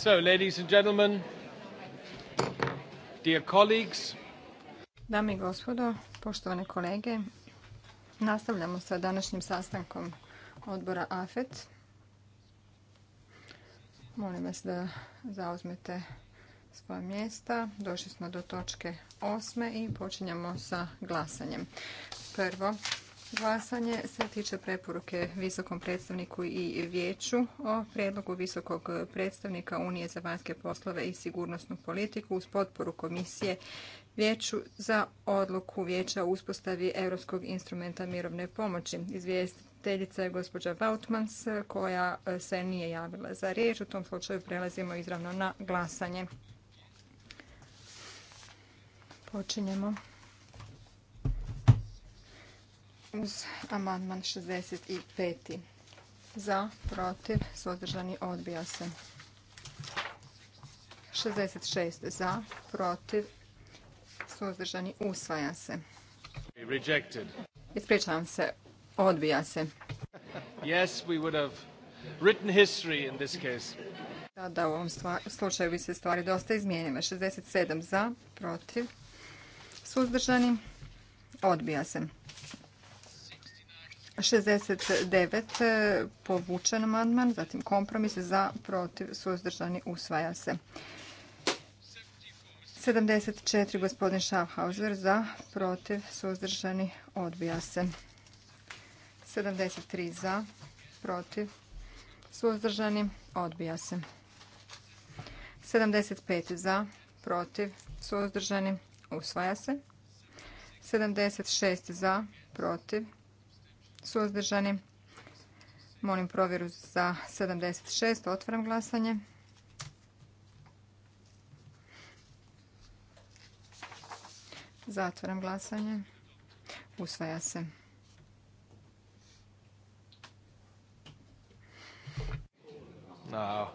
So, ladies and gentlemen, dear colleagues. Dame i gospodo, poštovane kolege, nastavljamo sa današnjim sastankom odbora AFET. Molim vas da zauzmete svoje mjesta. Došli smo do točke osme i počinjemo sa glasanjem. Prvo, Glasanje se tiče preporuke visokom predstavniku i vijeću o prijedlogu visokog predstavnika Unije za vanjske poslove i sigurnosnu politiku uz potporu komisije vijeću za odluku vijeća o uspostavi Europskog instrumenta mirovne pomoći. Izvjestiteljica je gospođa Vautmans koja se nije javila za riječ. U tom slučaju prelazimo izravno na glasanje. Počinjemo uz amandman 65. Za, protiv, suzdržani, odbija se. 66. Za, protiv, suzdržani, usvaja se. Ispričavam se, odbija se. Yes, we da, u ovom slučaju bi se stvari dosta izmijenile. 67 za, protiv, suzdržani, odbija se. 69 e, povučen amandman, zatim kompromis za protiv suzdržani usvaja se. 74 gospodin Schaffhauser za protiv suzdržani odbija se. 73 za protiv suzdržani odbija se. 75 za protiv suzdržani usvaja se. 76 za protiv suzdržani. Molim provjeru za 76. Otvaram glasanje. Zatvaram glasanje. Usvaja se. No.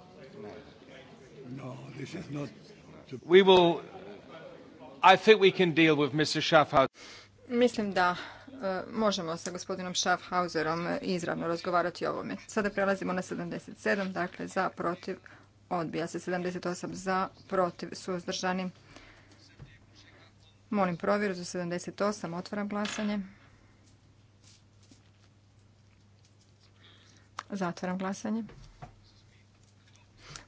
No, Mislim da E, možemo sa gospodinom Schaffhauserom izravno razgovarati o ovome. Sada prelazimo na 77, dakle za, protiv, odbija se 78 za, protiv, suzdržani. Molim provjeru za 78, otvaram glasanje. Zatvaram glasanje.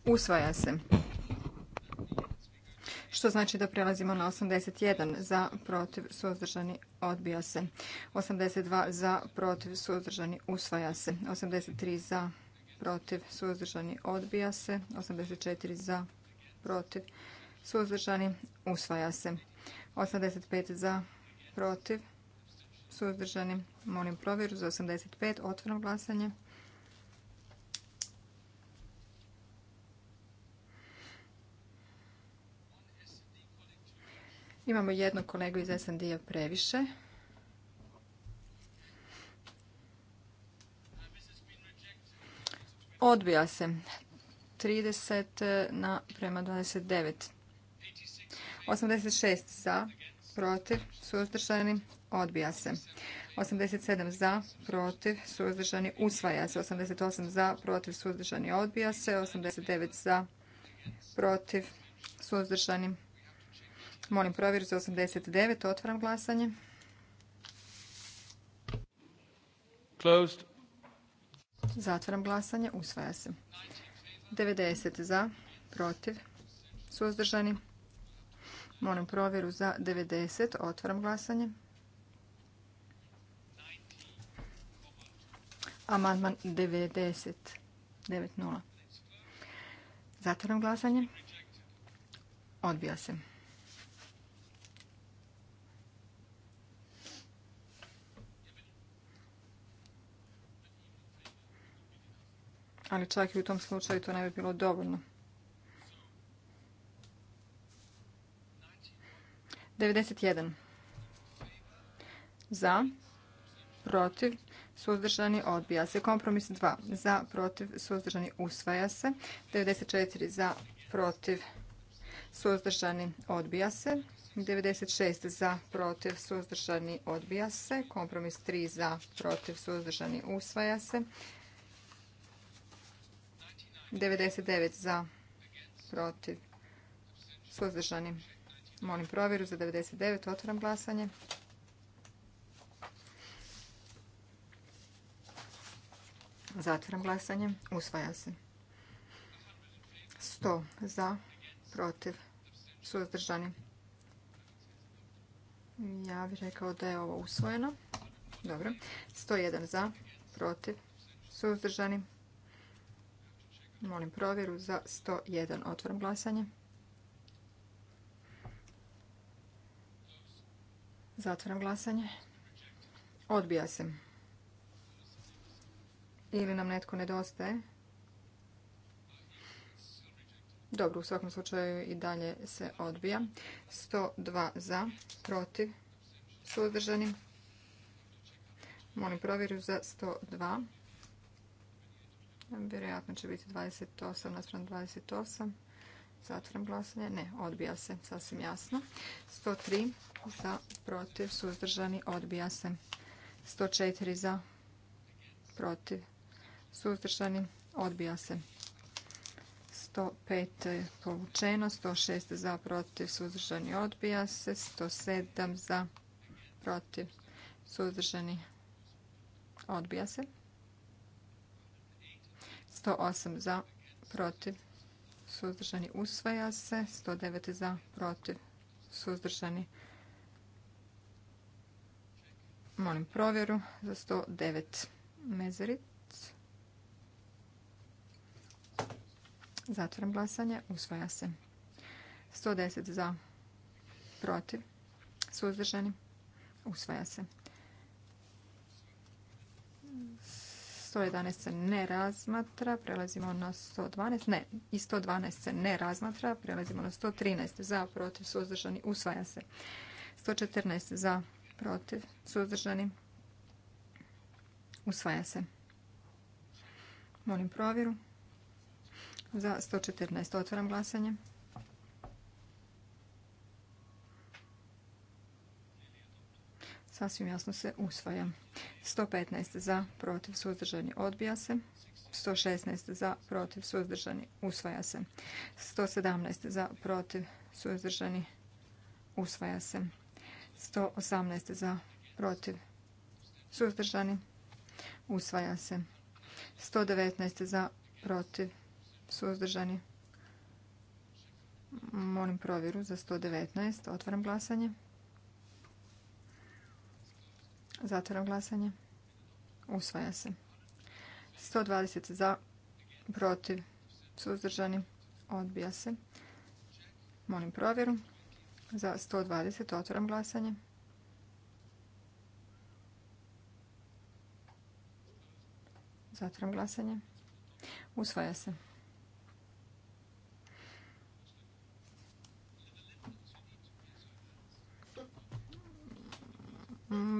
Usvaja se što znači da prelazimo na 81 za protiv suzdržani odbija se. 82 za protiv suzdržani usvaja se. 83 za protiv suzdržani odbija se. 84 za protiv suzdržani usvaja se. 85 za protiv suzdržani molim provjeru za 85 otvoreno glasanje. Imamo jednog kolegu iz SND-a previše. Odbija se. 30 na prema 29. 86 za, protiv, suzdržani, odbija se. 87 za, protiv, suzdržani, usvaja se. 88 za, protiv, suzdržani, odbija se. 89 za, protiv, suzdržani, Molim provjeru za 89. Otvaram glasanje. Zatvaram glasanje. Usvaja se. 90 za, protiv, suzdržani. Molim provjeru za 90. Otvaram glasanje. Amandman 90. 9.0. Zatvaram glasanje. Odbija se. ali čak i u tom slučaju to ne bi bilo dovoljno. 91. Za, protiv, suzdržani, odbija se. Kompromis 2. Za, protiv, suzdržani, usvaja se. 94. Za, protiv, suzdržani, odbija se. 96 za, protiv, suzdržani, odbija se. Kompromis 3 za, protiv, suzdržani, usvaja se. 99 za, protiv, suzdržani. Molim provjeru za 99. Otvoram glasanje. Zatvoram glasanje. Usvaja se. 100 za, protiv, suzdržani. Ja bih rekao da je ovo usvojeno. Dobro. 101 za, protiv, suzdržani. Molim provjeru za 101. Otvorim glasanje. Zatvaram glasanje. Odbija se. Ili nam netko nedostaje. Dobro, u svakom slučaju i dalje se odbija. 102 za, protiv, suzdržani. Molim provjeru za 102. Vjerojatno će biti 28 naspram 28. Zatvorim glasanje. Ne, odbija se, sasvim jasno. 103 za, protiv, suzdržani, odbija se. 104 za, protiv, suzdržani, odbija se. 105 je povučeno, 106 za, protiv, suzdržani, odbija se. 107 za, protiv, suzdržani, odbija se. 108 za, protiv, suzdržani usvaja se. 109 za, protiv, suzdržani. Molim provjeru za 109 Mezeric. Zatvaram glasanje. Usvaja se. 110 za, protiv, suzdržani. Usvaja se. 111 se ne razmatra, prelazimo na 112, ne, i 112 se ne razmatra, prelazimo na 113 za, protiv, suzdržani, usvaja se. 114 za, protiv, suzdržani, usvaja se. Molim provjeru. Za 114 otvaram glasanje. Sasvim jasno se usvaja. 115 za, protiv, suzdržani, odbija se. 116 za, protiv, suzdržani, usvaja se. 117 za, protiv, suzdržani, usvaja se. 118 za, protiv, suzdržani, usvaja se. 119 za, protiv, suzdržani. Molim provjeru za 119. Otvaram glasanje. Zatvoram glasanje. Usvaja se. 120 za, protiv, suzdržani, odbija se. Molim provjeru. Za 120 otvoram glasanje. Zatvoram glasanje. Usvaja se.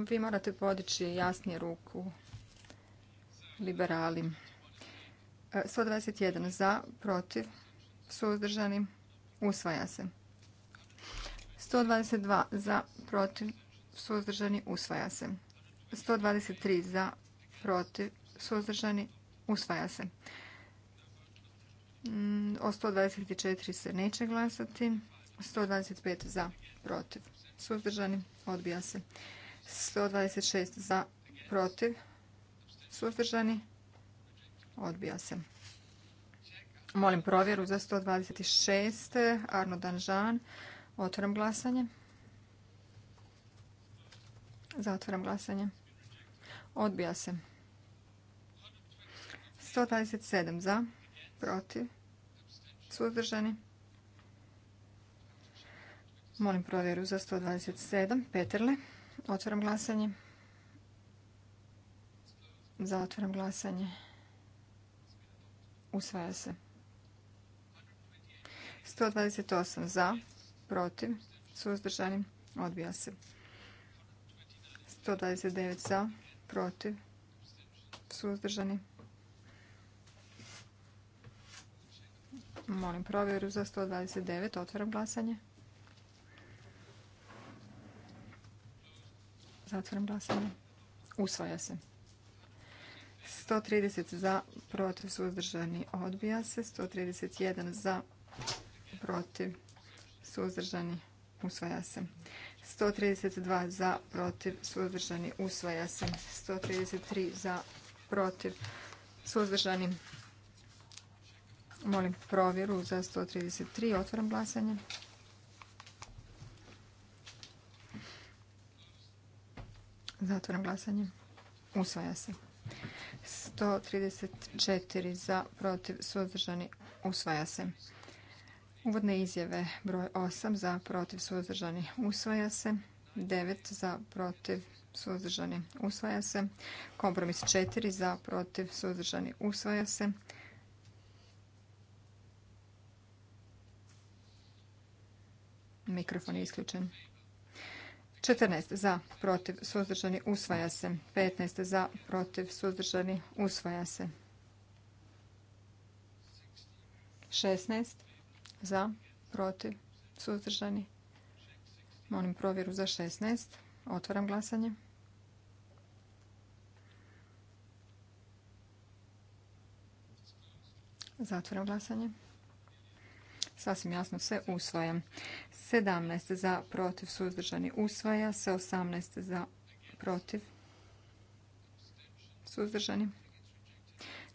Vi morate podići jasnije ruku liberali. 121 e, za, protiv, suzdržani, usvaja se. 122 za, protiv, suzdržani, usvaja se. 123 za, protiv, suzdržani, usvaja se. Mm, o 124 se neće glasati. 125 za, protiv, suzdržani, odbija se. 126 za, protiv, suzdržani, odbija se. Molim provjeru za 126. Arno Danžan. Otvaram glasanje. Zatvaram glasanje. Odbija se. 127 za, protiv, suzdržani. Molim provjeru za 127. Peterle. Otvaram glasanje. Zatvaram glasanje. Usvaja se. 128 za, protiv, suzdržani, odbija se. 129 za, protiv, suzdržani. Molim provjeru za 129. Otvaram glasanje. Zatvorim glasanje. Usvaja se. 130 za, protiv, suzdržani, odbija se. 131 za, protiv, suzdržani, usvaja se. 132 za, protiv, suzdržani, usvaja se. 133 za, protiv, suzdržani. Molim provjeru za 133. Otvaram glasanje. Zatvoram glasanje. Usvaja se. 134 za, protiv, suzdržani. Usvaja se. Uvodne izjave broj 8 za, protiv, suzdržani. Usvaja se. 9 za, protiv, suzdržani. Usvaja se. Kompromis 4 za, protiv, suzdržani. Usvaja se. Mikrofon je isključen. 14 za, protiv, suzdržani, usvaja se. 15 za, protiv, suzdržani, usvaja se. 16 za, protiv, suzdržani. Molim provjeru za 16. Otvaram glasanje. Zatvaram glasanje sasvim jasno se usvaja. 17 za protiv suzdržani usvaja se, 18 za protiv suzdržani.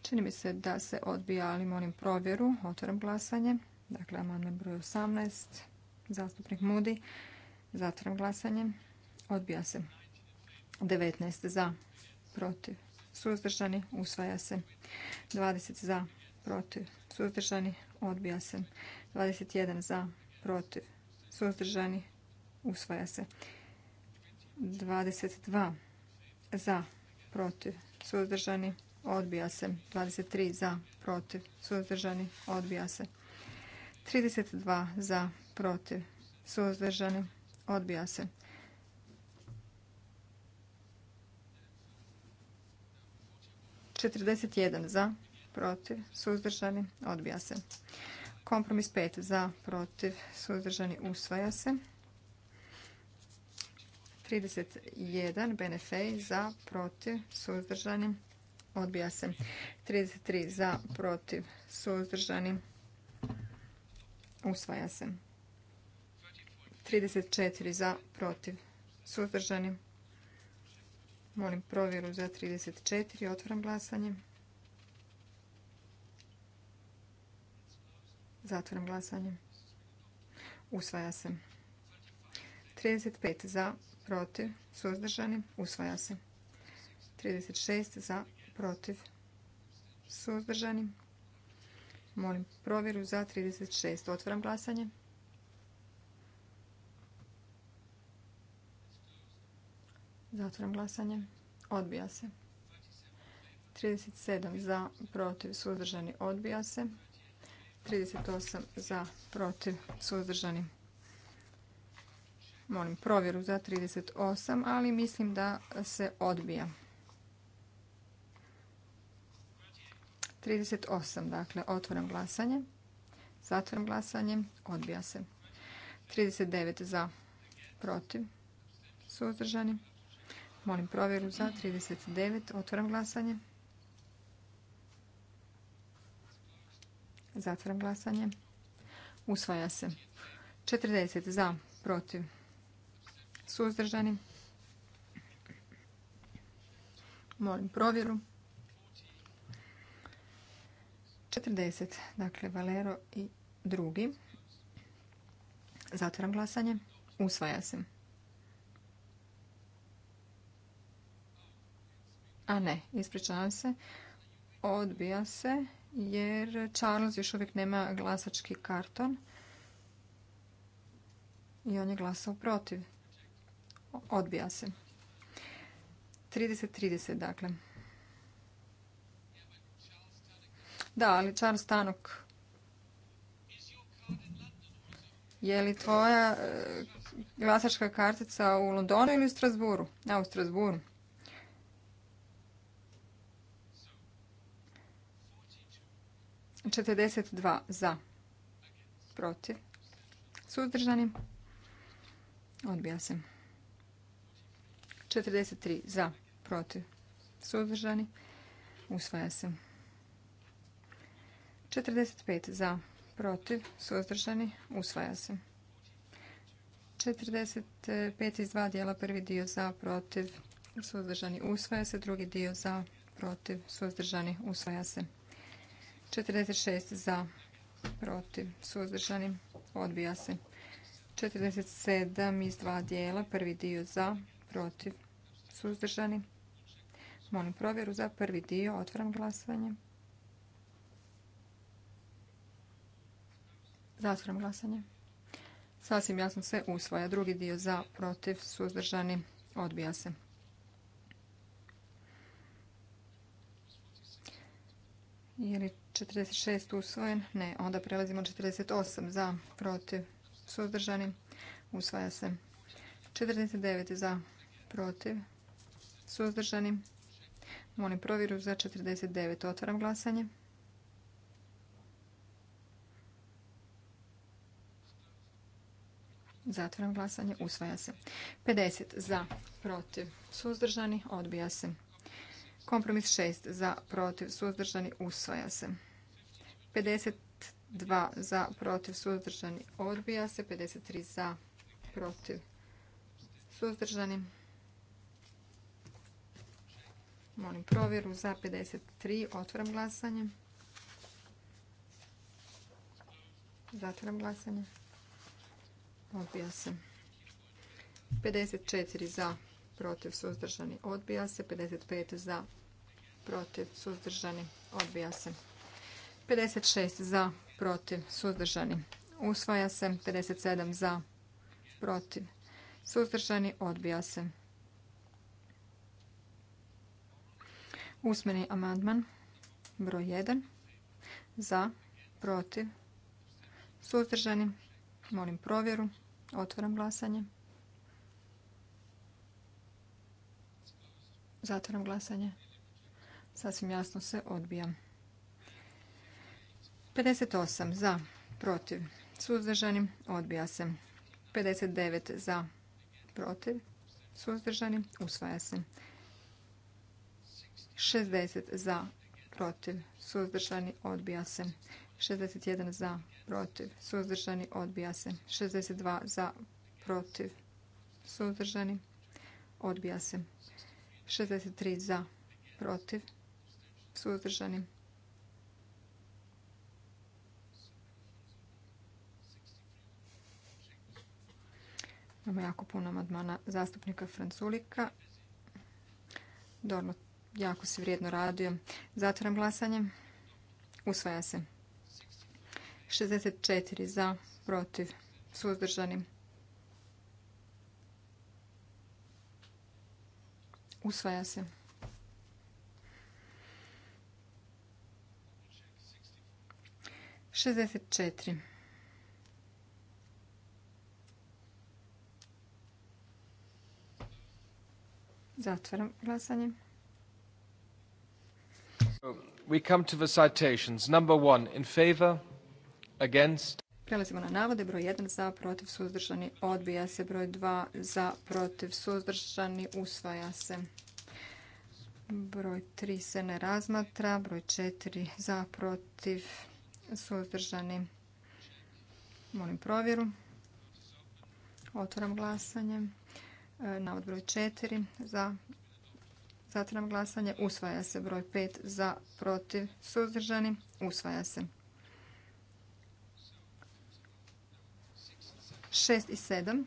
Čini mi se da se odbija, ali molim provjeru. Otvaram glasanje. Dakle, amandman broj 18, zastupnik Mudi. Zatvaram glasanje. Odbija se. 19 za protiv suzdržani usvaja se. 20 za protiv suzdržani odbija se. 21 za, protiv, suzdržani, usvaja se. 22 za, protiv, suzdržani, odbija se. 23 za, protiv, suzdržani, odbija se. 32 za, protiv, suzdržani, odbija se. 41 za protiv, suzdržani, odbija se. Kompromis 5 za, protiv, suzdržani, usvaja se. 31 Benefej za, protiv, suzdržani, odbija se. 33 za, protiv, suzdržani, usvaja se. 34 za, protiv, suzdržani. Molim provjeru za 34. Otvaram glasanje. Zatvaram glasanje. Usvaja se. 35 za, protiv, suzdržani, usvaja se. 36 za, protiv, suzdržani. Molim provjeru za 36. Otvaram glasanje. Zatvaram glasanje. Odbija se. 37 za, protiv, suzdržani, odbija se. 38 za, protiv, suzdržani. Molim provjeru za 38, ali mislim da se odbija. 38, dakle, otvoram glasanje. Zatvoram glasanje, odbija se. 39 za, protiv, suzdržani. Molim provjeru za 39, otvoram glasanje. Zatvaram glasanje. Usvaja se. 40 za, protiv, suzdržani. Molim provjeru. 40, dakle Valero i drugi. Zatvaram glasanje. Usvaja se. A ne, ispričavam se. Odbija se jer Charles još uvijek nema glasački karton i on je glasao protiv. Odbija se. 30-30, dakle. Da, ali Charles Tanok. Je li tvoja e, glasačka kartica u Londonu ili u Strasburu? A, u Strasburu. 42 za, protiv, suzdržani, odbija se. 43 za, protiv, suzdržani, usvaja se. 45 za, protiv, suzdržani, usvaja se. 45 iz dva dijela, prvi dio za, protiv, suzdržani, usvaja se, drugi dio za, protiv, suzdržani, usvaja se. 46 za, protiv, suzdržani, odbija se. 47 iz dva dijela, prvi dio za, protiv, suzdržani. Molim provjeru za prvi dio, otvaram glasovanje. Zatvaram glasanje. Sasvim jasno se usvaja. Drugi dio za, protiv, suzdržani, odbija se. to? 46 usvojen? Ne. Onda prelazimo 48 za, protiv, suzdržani. Usvaja se. 49 za, protiv, suzdržani. Molim provjeru za 49. Otvaram glasanje. Zatvaram glasanje. Usvaja se. 50 za, protiv, suzdržani. Odbija se. Kompromis 6 za protiv suzdržani usvaja se. 52 za protiv suzdržani odbija se. 53 za protiv suzdržani. Molim provjeru za 53. otvoram glasanje. Zatvaram glasanje. Odbija se. 54 za protiv suzdržani odbija se 55 za protiv suzdržani odbija se 56 za protiv suzdržani usvaja se 57 za protiv suzdržani odbija se usmeni amandman broj 1 za protiv suzdržani molim provjeru otvaram glasanje Zatvoram glasanje. Sasvim jasno se odbija. 58 za, protiv, suzdržani, odbija se. 59 za, protiv, suzdržani, usvaja se. 60 za, protiv, suzdržani, odbija se. 61 za, protiv, suzdržani, odbija se. 62 za, protiv, suzdržani, odbija se. 63 za, protiv, suzdržani. Imamo jako puno madmana zastupnika Franculika. Dorno jako se vrijedno radio. Zatvaram glasanje. Usvaja se. 64 za, protiv, suzdržani. Usvaja se. 64. Zatvaram glasanje. We come to the citations. Number one, in favor, against. Prelazimo na navode. Broj 1 za, protiv, suzdržani, odbija se. Broj 2 za, protiv, suzdržani, usvaja se. Broj 3 se ne razmatra. Broj 4 za, protiv, suzdržani. Molim provjeru. Otvaram glasanje. E, navod broj 4 za, zatvoram glasanje. Usvaja se broj 5 za, protiv, suzdržani. Usvaja se. 6 i 7.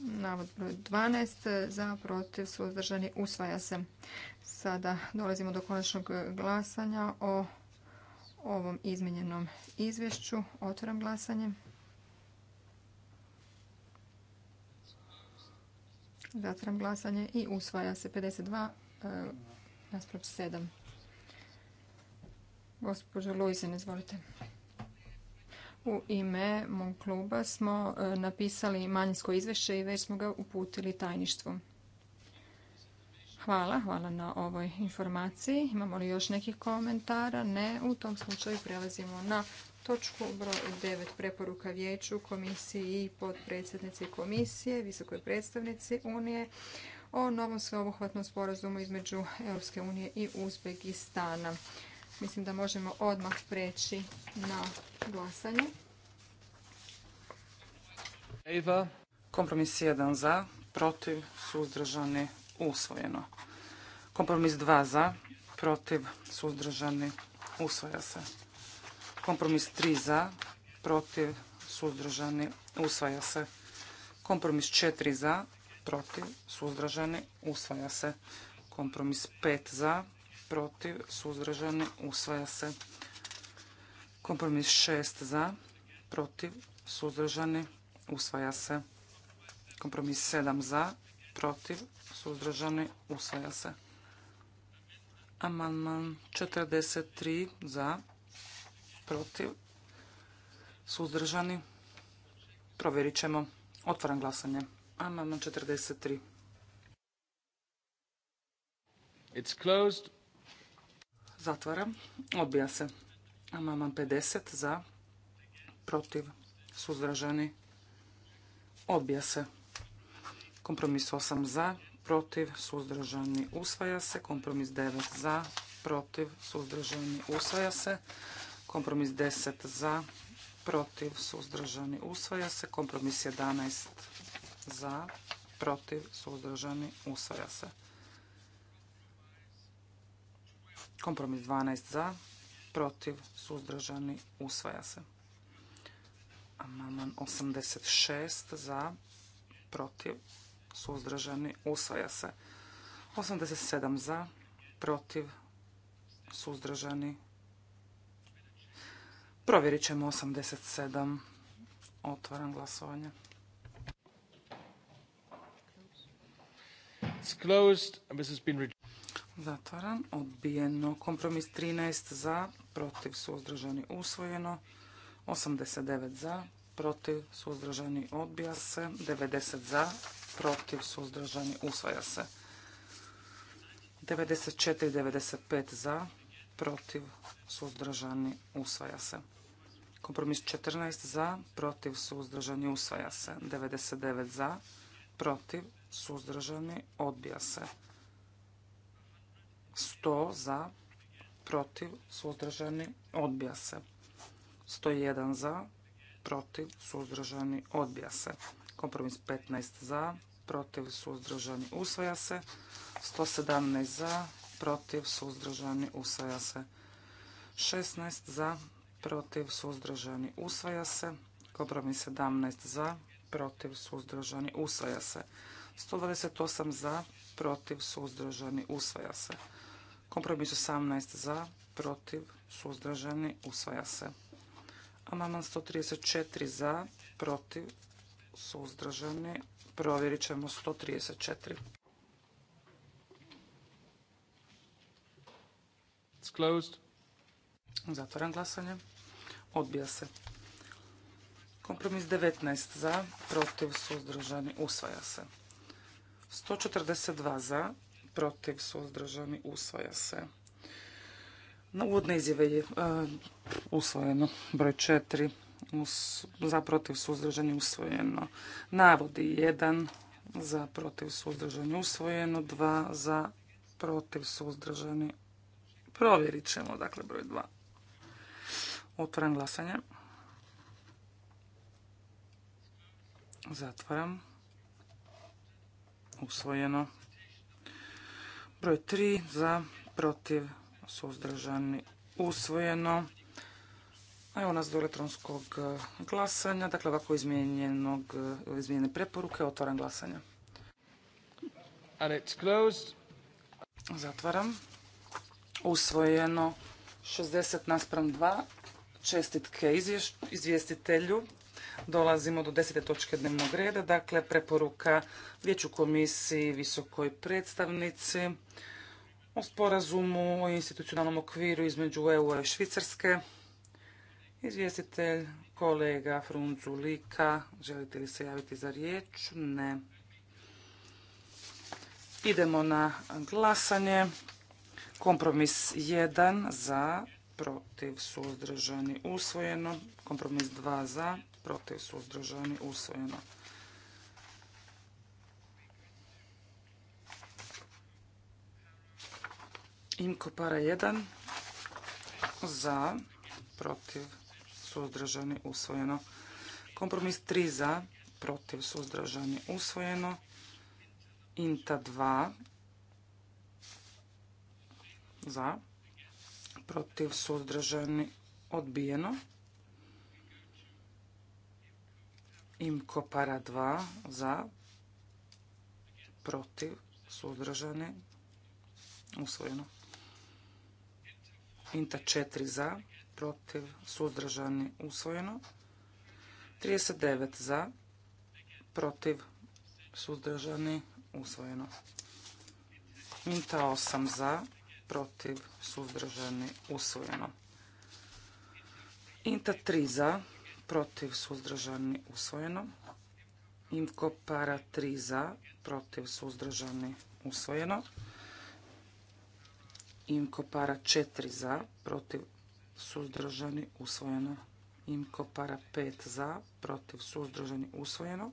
Navod broj 12. Za, protiv, suzdržani, usvaja se. Sada dolazimo do konačnog glasanja o ovom izmenjenom izvješću. Otvaram glasanje. Zatvaram glasanje i usvaja se 52 nasprav 7. Gospođo Luizin, izvolite u ime mog kluba smo e, napisali manjinsko izvješće i već smo ga uputili tajništvu. Hvala, hvala na ovoj informaciji. Imamo li još nekih komentara? Ne, u tom slučaju prelazimo na točku broj 9 preporuka vijeću komisiji i podpredsjednici komisije, visokoj predstavnici Unije o novom sveobuhvatnom sporazumu između Europske unije i Uzbekistana. Mislim da možemo odmah preći na glasanje. Eva. Kompromis 1 za, protiv, suzdržani, usvojeno. Kompromis 2 za, protiv, suzdržani, usvaja se. Kompromis 3 za, protiv, suzdržani, usvaja se. Kompromis 4 za, protiv, suzdržani, usvaja se. Kompromis 5 za, protiv, suzdržani, usvaja se. Kompromis 6 za, protiv, suzdržani, usvaja se. Kompromis 7 za, protiv, suzdržani, usvaja se. Amandman 43 za, protiv, suzdržani, provjerit ćemo. Otvaram glasanje. Amandman 43. It's closed. Zatvaram. Odbija se. mama 50 za. Protiv. Suzdržani. Odbija se. Kompromis 8 za. Protiv. Suzdržani. Usvaja se. Kompromis 9 za. Protiv. Suzdržani. Usvaja se. Kompromis 10 za. Protiv. Suzdržani. Usvaja se. Kompromis 11 za. Protiv. Suzdržani. Usvaja se. Kompromis 12 za, protiv, suzdržani, usvaja se. Amandman 86 za, protiv, suzdržani, usvaja se. 87 za, protiv, suzdržani. Provjerit ćemo 87. Otvaram glasovanje. Zatvaram. Odbijeno. Kompromis 13 za, protiv suzdržani usvojeno. 89 za, protiv suzdržani odbija se. 90 za, protiv suzdržani usvaja se. 94 95 za, protiv suzdržani usvaja se. Kompromis 14 za, protiv suzdržani usvaja se. 99 za, protiv suzdržani odbija se. 100 za, protiv, suzdržani, odbija se. 101 za, protiv, suzdržani, odbija se. Kompromis 15 za, protiv, suzdržani, usvaja se. 117 za, protiv, suzdržani, usvaja se. 16 za, protiv, suzdržani, usvaja se. Kompromis 17 za, protiv, suzdržani, usvaja se. 128 za, protiv, suzdržani, usvaja se. Kompromis 18 za, protiv, suzdržani, usvaja se. Amaman 134 za, protiv, suzdržani, provjerit ćemo 134. Zatvoram glasanje. Odbija se. Kompromis 19 za, protiv, suzdržani, usvaja se. 142 za, protiv, suzdržani, usvaja se. Na uvodne izjave je e, usvojeno broj četiri, za protiv, suzdržani, usvojeno. Navodi jedan, za protiv, suzdržani, usvojeno, Dva, za protiv, suzdržani, provjerit ćemo, dakle broj dva. Otvoram glasanje. Zatvaram. Usvojeno. Broj 3 za, protiv, suzdržani, usvojeno. A evo nas do elektronskog e, glasanja, dakle ovako izmijenjenog, e, izmijenjene preporuke, otvaram glasanja. And it's Zatvaram. Usvojeno 60 naspram 2. Čestitke izvjestitelju dolazimo do desete točke dnevnog reda, dakle preporuka Vijeću komisiji visokoj predstavnici o sporazumu o institucionalnom okviru između EU i Švicarske. Izvjestitelj kolega Lika. želite li se javiti za riječ? Ne. Idemo na glasanje. Kompromis 1 za, protiv, suzdržani, usvojeno. Kompromis 2 za, protiv, suzdržani, usvojeno. Imko para 1, za, protiv, suzdržani, usvojeno. Kompromis 3 za, protiv, suzdržani, usvojeno. Inta 2, za, protiv, suzdržani, odbijeno. Imko para 2 za, protiv, suzdržani, usvojeno. Inta 4 za, protiv, suzdržani, usvojeno. 39 za, protiv, suzdržani, usvojeno. Inta 8 za, protiv, suzdržani, usvojeno. Inta 3 za, protiv, suzdržani, usvojeno. Imko para 3 za, protiv, suzdržani, usvojeno. Imko para 4 za, protiv, suzdržani, usvojeno. Imko para 5 za, protiv, suzdržani, usvojeno.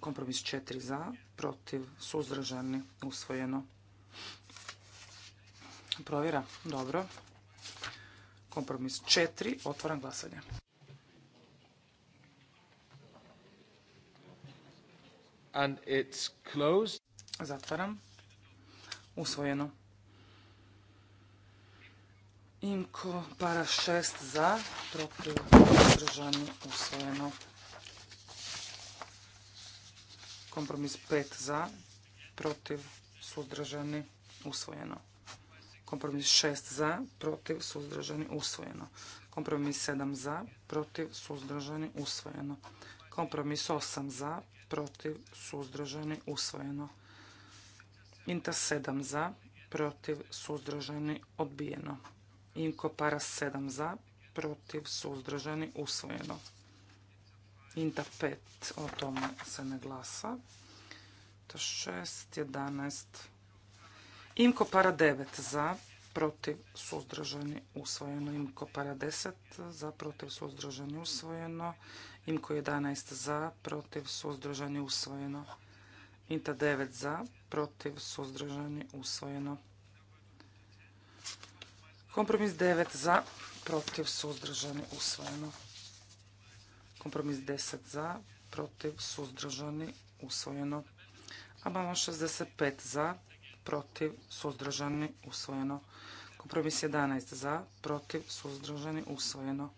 Kompromis 4 za, protiv, suzdržani, usvojeno. Provjera, dobro. Kompromis 4. Otvaram glasanje. And it's closed. Zatvaram. Usvojeno. Imko para 6 za, protiv održanje usvojeno. Kompromis 5 za, protiv suzdržani usvojeno. Kompromis 6 za, protiv, suzdržani, usvojeno. Kompromis 7 za, protiv, suzdržani, usvojeno. Kompromis 8 za, protiv, suzdržani, usvojeno. Inta 7 za, protiv, suzdržani, odbijeno. Inko para 7 za, protiv, suzdržani, usvojeno. Inta 5, o tome se ne glasa. Inta 6, 11, Imko para 9 za, protiv, suzdržani, usvojeno. Imko para 10 za, protiv, suzdržani, usvojeno. Imko 11 za, protiv, suzdržani, usvojeno. Inta 9 za, protiv, suzdržani, usvojeno. Kompromis 9 za, protiv, suzdržani, usvojeno. Kompromis 10 za, protiv, suzdržani, usvojeno. Abamo 65 za, protiv, suzdržani, usvojeno. Kompromis 11 za, protiv, suzdržani, usvojeno.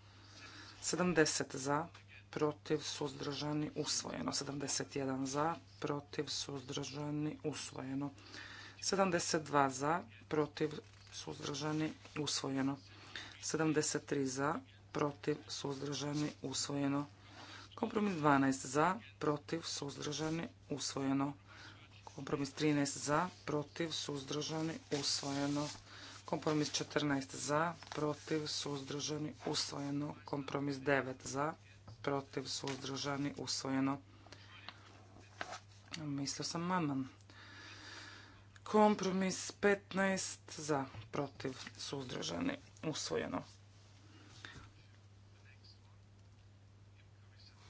70 za, protiv, suzdržani, usvojeno. 71 za, protiv, suzdržani, usvojeno. 72 za, protiv, suzdržani, usvojeno. 73 za, protiv, suzdržani, usvojeno. Kompromis 12 za, protiv, suzdržani, usvojeno. Kompromis 13 za, protiv, suzdržani, usvojeno. Kompromis 14 za, protiv, suzdržani, usvojeno. Kompromis 9 za, protiv, suzdržani, usvojeno. Mislio sam maman. Kompromis 15 za, protiv, suzdržani, usvojeno.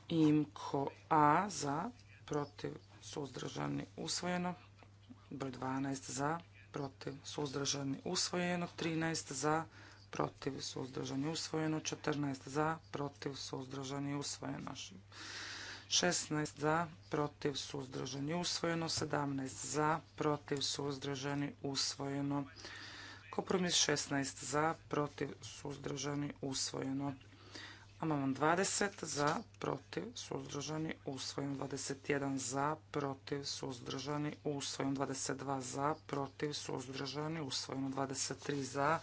Imko A za, protiv, suzdržani, usvojeno. Broj 12 za, protiv, suzdržani, usvojeno. 13 za, protiv, suzdržani, usvojeno. 14 za, protiv, suzdržani, usvojeno. 16 za, protiv, suzdržani, usvojeno. 17 za, protiv, suzdržani, usvojeno. Kompromis 16 za, protiv, suzdržani, usvojeno. Amamo 20 za, protiv, suzdržani, usvojim 21 za, protiv, suzdržani, usvojim 22 za, protiv, suzdržani, usvojeno 23 za,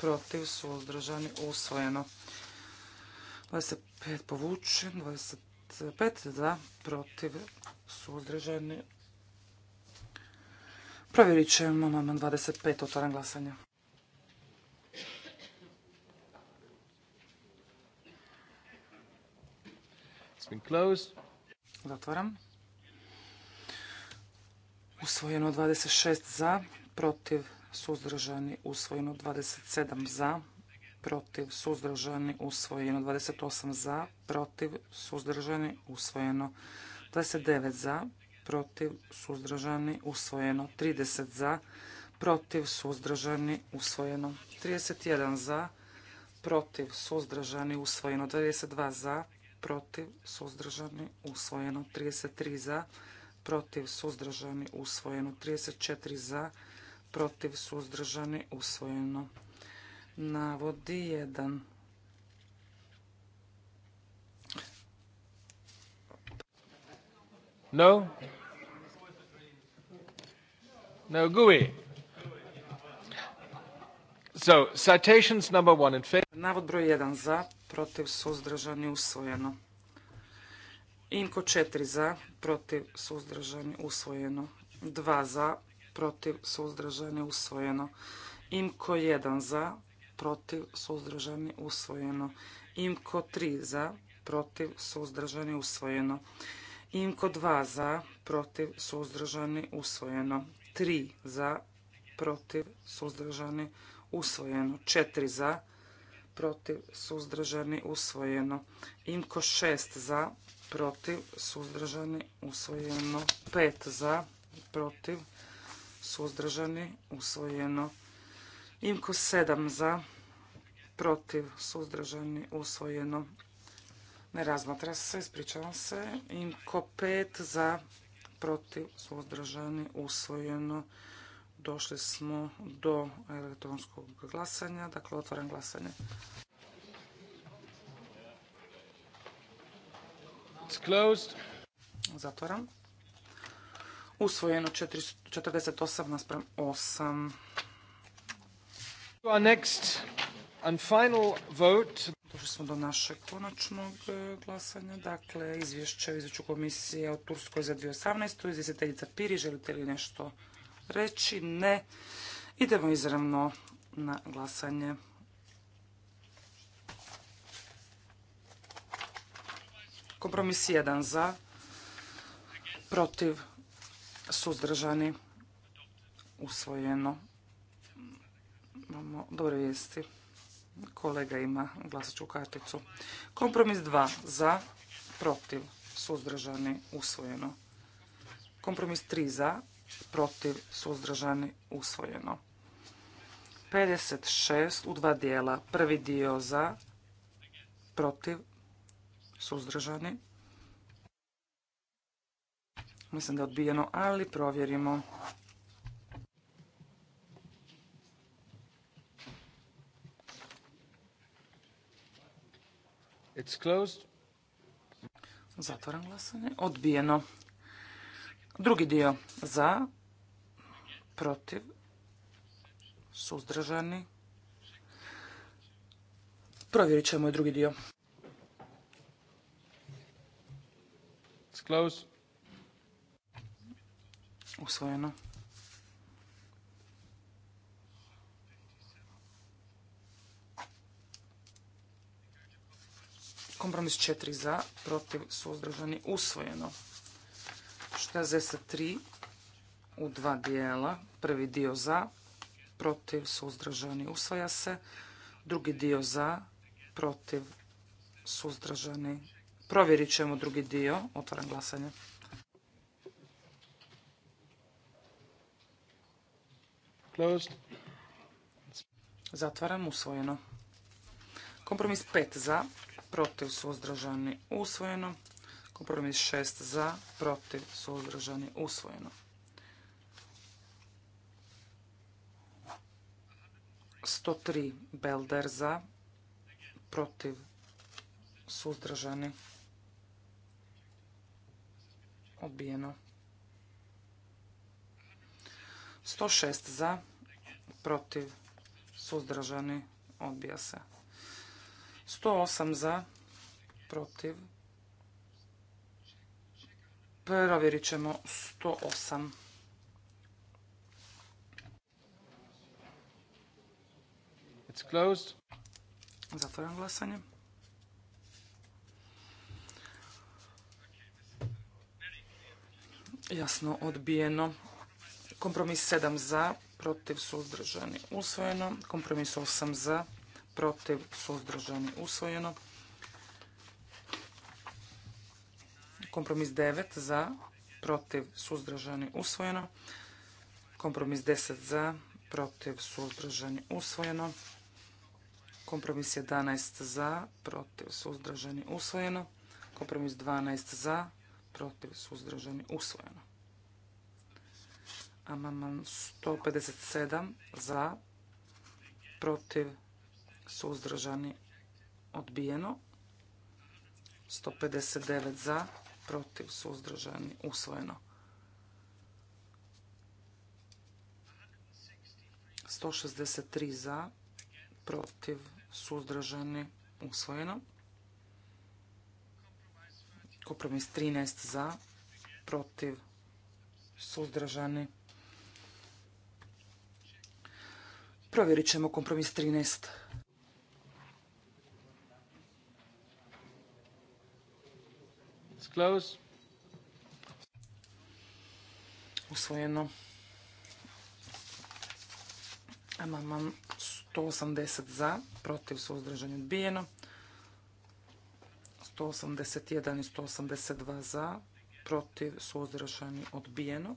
protiv, suzdržani, usvojeno 25 povučen, 25 za, protiv, suzdržani. Provjerit ćemo amamo 25, otvoren glasanja. closed. Usvojeno 26 za, protiv, suzdržani, usvojeno 27 za, protiv, suzdržani, usvojeno 28 za, protiv, suzdržani, usvojeno 29 za, protiv, suzdržani, usvojeno 30 za, protiv, suzdržani, usvojeno 31 za, protiv, suzdržani, usvojeno 22 za, protiv, suzdržani, usvojeno 33 za, protiv, suzdržani, usvojeno 34 za, protiv, suzdržani, usvojeno. Navodi 1. No? No, GUI. So, citations number one in favor. Navod broj 1 za, protiv, suzdržani, usvojeno. Inko 4 za, protiv, suzdržani, usvojeno. 2 za, protiv, suzdržani, usvojeno. Inko 1 za, protiv, suzdržani, usvojeno. Inko 3 za, protiv, suzdržani, usvojeno. Imko 2 za, protiv, suzdržani, usvojeno. 3 za, protiv, suzdržani, usvojeno. 4 za, protiv, suzdržani, usvojeno. Imko 6 za, protiv, suzdržani, usvojeno. 5 za, protiv, suzdržani, usvojeno. Imko 7 za, protiv, suzdržani, usvojeno. Ne razmatra se, ispričavam se. Imko 5 za, protiv, suzdržani, usvojeno došli smo do elektronskog glasanja. Dakle, otvaram glasanje. Zatvaram. Usvojeno 48 naspram 8. next final Došli smo do našeg konačnog e, glasanja. Dakle, izvješće o izvješću komisije o Turskoj za 2018. Izvjestiteljica Piri, želite li nešto reći ne. Idemo izravno na glasanje. Kompromis 1 za, protiv, suzdržani, usvojeno. Imamo dobre vijesti. Kolega ima glasačku karticu. Kompromis 2 za, protiv, suzdržani, usvojeno. Kompromis 3 za, protiv, suzdržani, usvojeno. 56 u dva dijela. Prvi dio za, protiv, suzdržani. Mislim da je odbijeno, ali provjerimo. It's closed. Zatvaram glasanje. Odbijeno. Drugi dio za, protiv, suzdržani. Provjerit ćemo i drugi dio. Close. Usvojeno. četiri za, protiv, suzdržani, usvojeno se 3 u dva dijela. Prvi dio za, protiv, suzdržani, usvaja se. Drugi dio za, protiv, suzdržani. Provjerit ćemo drugi dio. Otvaram glasanje. Zatvaram usvojeno. Kompromis 5 za, protiv, suzdržani, usvojeno. Kompromis 6 za, protiv, suzdržani, usvojeno. 103 Belder za, protiv, suzdržani, odbijeno. 106 za, protiv, suzdržani, odbija se. 108 za, protiv, Provjerit ćemo 108. Zatvoram glasanje. Jasno odbijeno. Kompromis 7 za, protiv suzdržani usvojeno. Kompromis 8 za, protiv suzdržani usvojeno. Kompromis 9 za, protiv, suzdržani, usvojeno. Kompromis 10 za, protiv, suzdržani, usvojeno. Kompromis 11 za, protiv, suzdržani, usvojeno. Kompromis 12 za, protiv, suzdržani, usvojeno. Amandman 157 za, protiv, suzdržani, odbijeno. 159 za, protiv, suzdržani, usvojeno. 163 za, protiv, suzdržani, usvojeno. Kompromis 13 za, protiv, suzdržani. Provjerit ćemo kompromis 13. Usvojeno. Amandman 180 za, protiv suzdržan odbijeno. 181 i 182 za, protiv suzdržani odbijeno.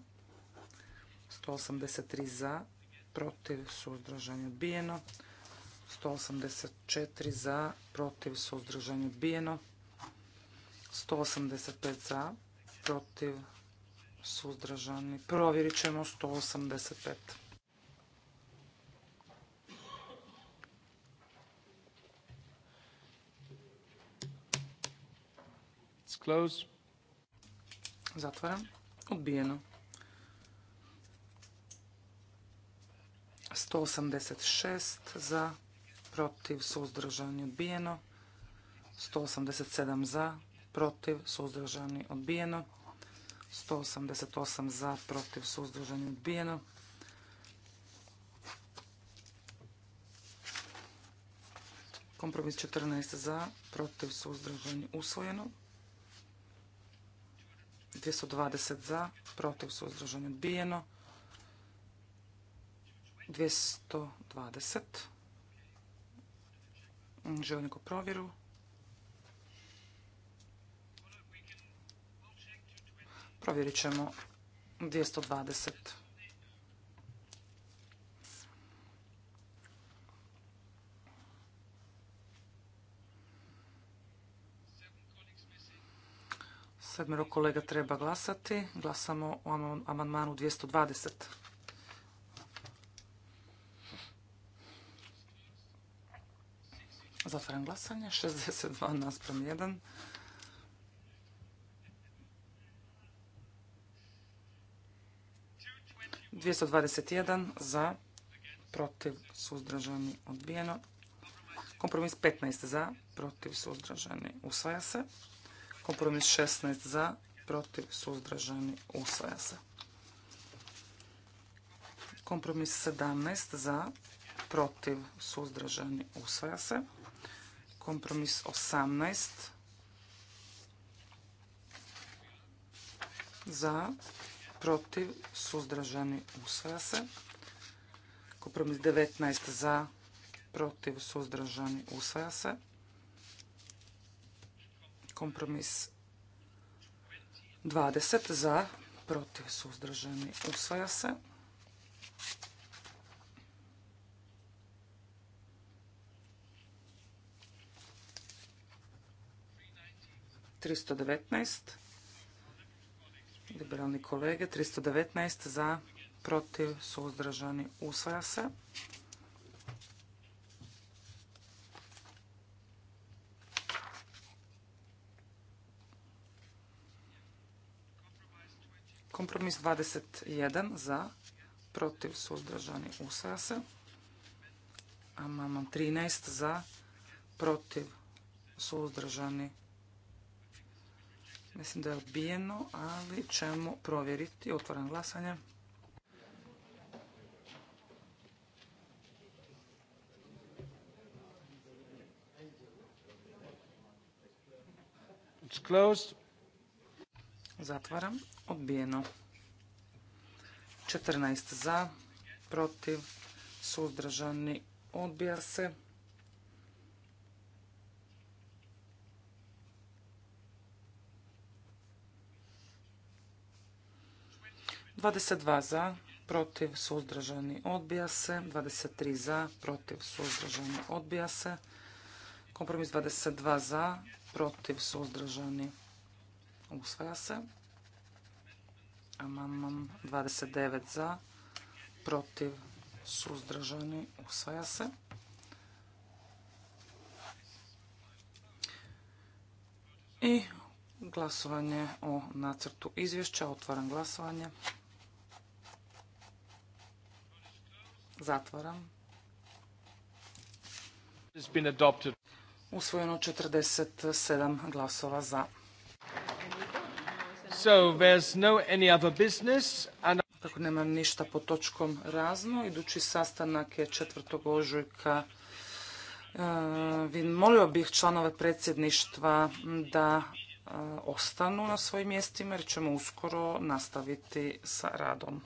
183 za, protiv suzdržani odbijeno. 184 za, protiv suzdržani odbijeno. 185 za, protiv, suzdržani. Provjerit ćemo 185. Close. Zatvaram. Odbijeno. 186 za, protiv, suzdržani, odbijeno. 187 za, protiv, suzdržani, odbijeno. 188 za, protiv, suzdržani, odbijeno. Kompromis 14 za, protiv, suzdržani, usvojeno. 220 za, protiv, suzdržani, odbijeno. 220. Želim neku provjeru. Provjerit ćemo 220. Sedmero kolega treba glasati. Glasamo o amandmanu 220. Zatvaram glasanje. 62 nasprem 1. 221 za, protiv, suzdržani, odbijeno. Kompromis 15 za, protiv, suzdržani, usvaja se. Kompromis 16 za, protiv, suzdržani, usvaja se. Kompromis 17 za, protiv, suzdržani, usvaja se. Kompromis 18 za, protiv, suzdržani, usvaja se. Kompromis 19 za, protiv, suzdržani, usvaja se. Kompromis 20 za, protiv, suzdržani, usvaja se. Tristo devetnaest liberalni kolege. 319 za, protiv, suzdržani, usvaja se. Kompromis 21 za, protiv, suzdržani, usvaja se. Amandman 13 za, protiv, suzdržani, Mislim da je odbijeno, ali ćemo provjeriti. Otvoram glasanje. Zatvaram. Odbijeno. 14 za, protiv, suzdržani, odbija se. 22 za, protiv, suzdržani, odbija se. 23 za, protiv, suzdržani, odbija se. Kompromis 22 za, protiv, suzdržani, usvaja se. Amandman 29 za, protiv, suzdržani, usvaja se. I glasovanje o nacrtu izvješća, otvaram glasovanje. Zatvaram. Usvojeno 47 glasova za. So there's no any other business and... Tako nema ništa po točkom razno. Idući sastanak je 4. ožujka. E, molio bih članove predsjedništva da e, ostanu na svojim mjestima jer ćemo uskoro nastaviti sa radom.